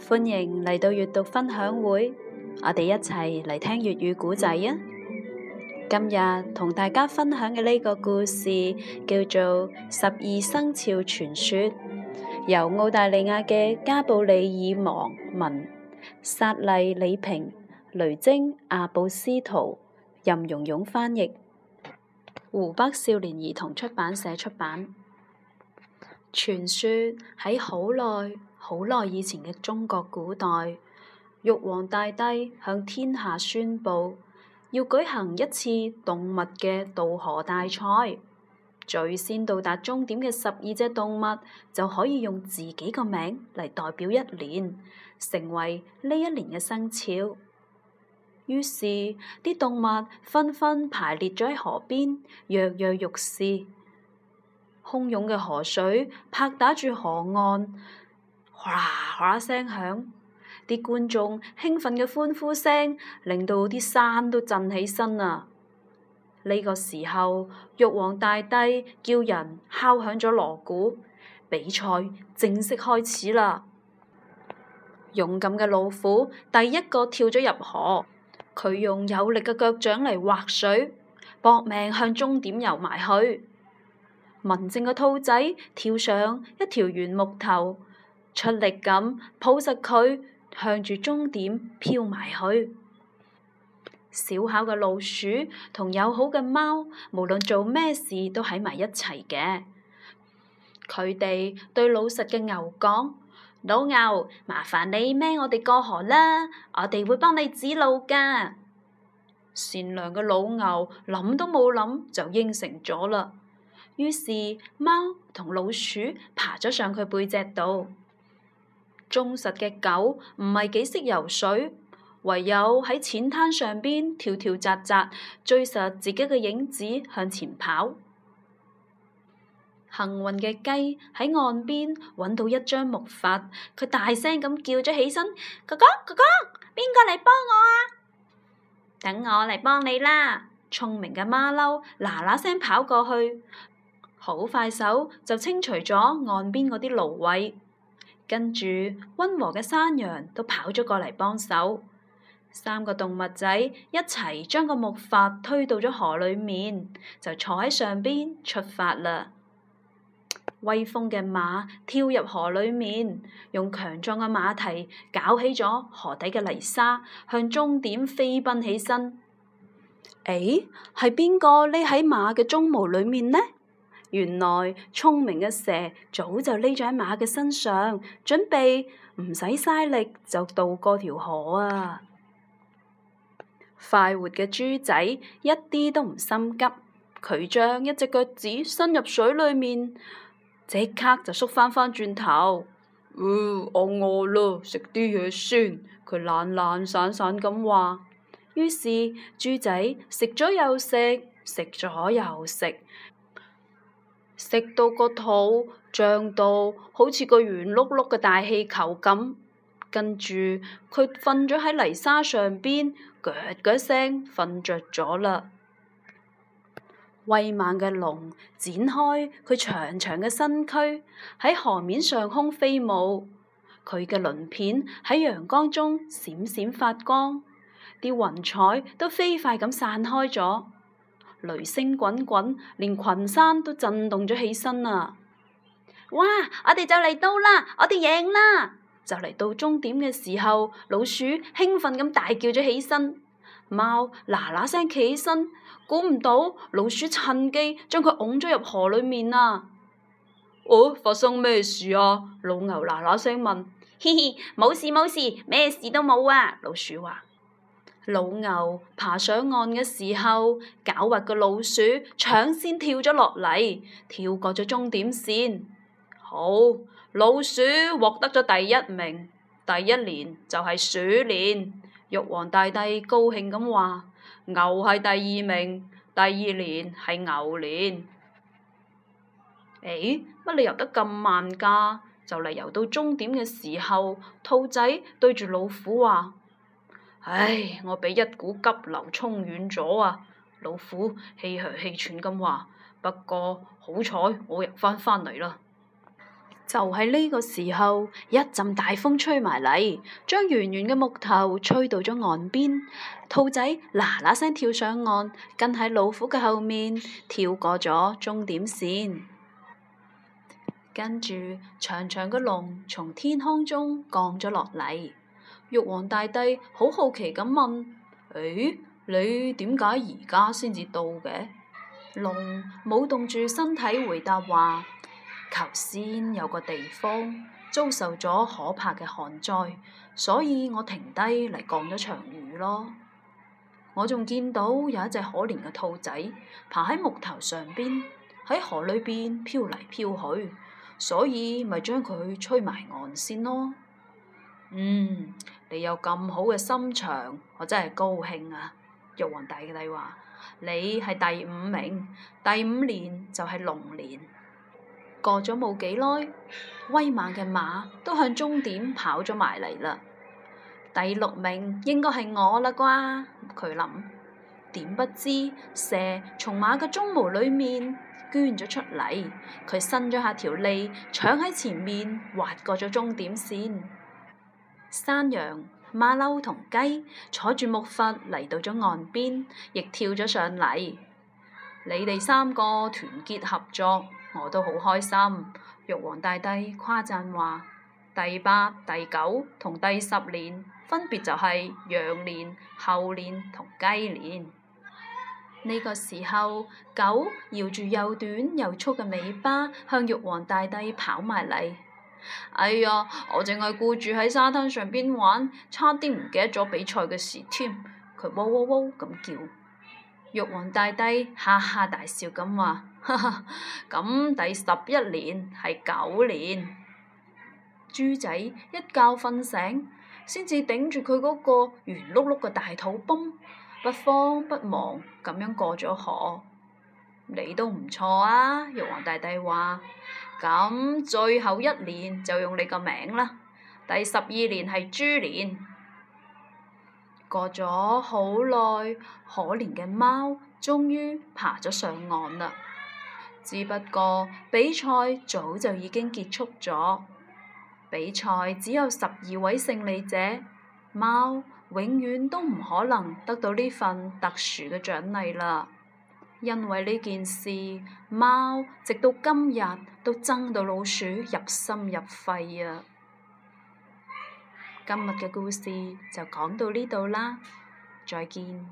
歡迎嚟到閱讀分享會，我哋一齊嚟聽粵語古仔啊！今日同大家分享嘅呢個故事叫做《十二生肖傳說》，由澳大利亞嘅加布里爾·芒文、薩利李平、雷晶、阿布斯圖任蓉蓉翻譯，湖北少年兒童出版社出版。傳說喺好耐，好耐以前嘅中國古代，玉皇大帝向天下宣佈，要舉行一次動物嘅渡河大賽。最先到達終點嘅十二隻動物就可以用自己個名嚟代表一年，成為呢一年嘅生肖。於是啲動物紛紛排列咗喺河邊，躍躍欲試。洶湧嘅河水拍打住河岸。嘩嘩聲響，啲觀眾興奮嘅歡呼聲令到啲山都震起身啊！呢個時候，玉皇大帝叫人敲響咗鑼鼓，比賽正式開始啦！勇敢嘅老虎第一個跳咗入河，佢用有力嘅腳掌嚟劃水，搏命向終點游埋去。文靜嘅兔仔跳上一條圓木頭。出力咁抱實佢，向住終點飄埋去。小巧嘅老鼠同友好嘅貓，無論做咩事都喺埋一齊嘅。佢哋對老實嘅牛講：老牛，麻煩你孭我哋過河啦，我哋會幫你指路噶。善良嘅老牛諗都冇諗就應承咗啦。於是貓同老鼠爬咗上佢背脊度。忠實嘅狗唔係幾識游水，唯有喺淺灘上邊跳跳扎紮，追實自己嘅影子向前跑。幸運嘅雞喺岸邊揾到一張木筏，佢大聲咁叫咗起身：哥哥，哥哥，邊個嚟幫我啊？等我嚟幫你啦！聰明嘅馬騮嗱嗱聲跑過去，好快手就清除咗岸邊嗰啲蘆葦。跟住，溫和嘅山羊都跑咗過嚟幫手，三個動物仔一齊將個木筏推到咗河裏面，就坐喺上邊出發啦。威風嘅馬跳入河裏面，用強壯嘅馬蹄攪起咗河底嘅泥沙，向終點飛奔起身。誒，係邊個匿喺馬嘅鬃毛裏面呢？原來聰明嘅蛇早就匿咗喺馬嘅身上，準備唔使嘥力就渡過條河啊！ 快活嘅豬仔一啲都唔心急，佢將一隻腳趾伸入水裡面，即刻就縮翻返轉頭。唔、呃，我餓咯，食啲嘢先。佢懶懶散散咁話。於是豬仔食咗又食，食咗又食。直到個肚漲到好似個圓碌碌嘅大氣球咁，跟住佢瞓咗喺泥沙上邊，嘰嘰聲瞓着咗啦。威猛嘅龍展開佢長長嘅身軀，喺河面上空飛舞，佢嘅鱗片喺陽光中閃閃發光，啲雲彩都飛快咁散開咗。雷聲滾滾，連群山都震動咗起身啊！哇！我哋就嚟到啦，我哋贏啦！就嚟到終點嘅時候，老鼠興奮咁大叫咗起身，貓嗱嗱聲企起身，估唔到老鼠趁機將佢拱咗入河裡面啊！哦，發生咩事啊？老牛嗱嗱聲問。嘻嘻，冇事冇事，咩事都冇啊！老鼠話。老牛爬上岸嘅時候，狡猾嘅老鼠搶先跳咗落嚟，跳過咗終點線。好，老鼠獲得咗第一名，第一年就係鼠年。玉皇大帝高興咁話：牛係第二名，第二年係牛年。誒、哎，乜你游得咁慢㗎？就嚟游到終點嘅時候，兔仔對住老虎話。唉，我俾一股急流沖遠咗啊！老虎氣殼氣喘咁話，不過好彩我又翻返嚟啦。就喺呢個時候，一陣大風吹埋嚟，將圓圓嘅木頭吹到咗岸邊。兔仔嗱嗱聲跳上岸，跟喺老虎嘅後面跳過咗終點線。跟住長長嘅龍從天空中降咗落嚟。玉皇大帝好好奇咁問：誒、欸，你點解而家先至到嘅？龍舞動住身體回答話：求先有個地方遭受咗可怕嘅旱災，所以我停低嚟降咗場雨咯。我仲見到有一隻可憐嘅兔仔爬喺木頭上邊，喺河裏邊漂嚟漂去，所以咪將佢吹埋岸先咯。嗯。你有咁好嘅心腸，我真係高興啊！玉皇大帝話：你係第五名，第五年就係龍年。過咗冇幾耐，威猛嘅馬都向終點跑咗埋嚟啦。第六名應該係我啦啩？佢諗，點不知蛇從馬嘅鬃毛裏面捐咗出嚟，佢伸咗下條脷，搶喺前面滑過咗終點線。山羊、馬騮同雞坐住木筏嚟到咗岸邊，亦跳咗上嚟。你哋三個團結合作，我都好開心。玉皇大帝誇讚話：第八、第九同第十年分別就係羊年、猴年同雞年。呢個時候，狗搖住又短又粗嘅尾巴，向玉皇大帝跑埋嚟。哎呀！我淨係顧住喺沙灘上邊玩，差啲唔記得咗比賽嘅事添。佢喔喔喔咁叫，玉皇大帝哈哈大笑咁話：哈哈！咁第十一年係狗年。豬仔一覺瞓醒，先至頂住佢嗰個圓碌碌嘅大肚煲，不慌不忙咁樣過咗河。你都唔錯啊！玉皇大帝話：咁最後一年就用你個名啦。第十二年係豬年。過咗好耐，可憐嘅貓終於爬咗上岸啦。只不過比賽早就已經結束咗，比賽只有十二位勝利者，貓永遠都唔可能得到呢份特殊嘅獎勵啦。因為呢件事，貓直到今日都憎到老鼠入心入肺啊！今日嘅故事就講到呢度啦，再見。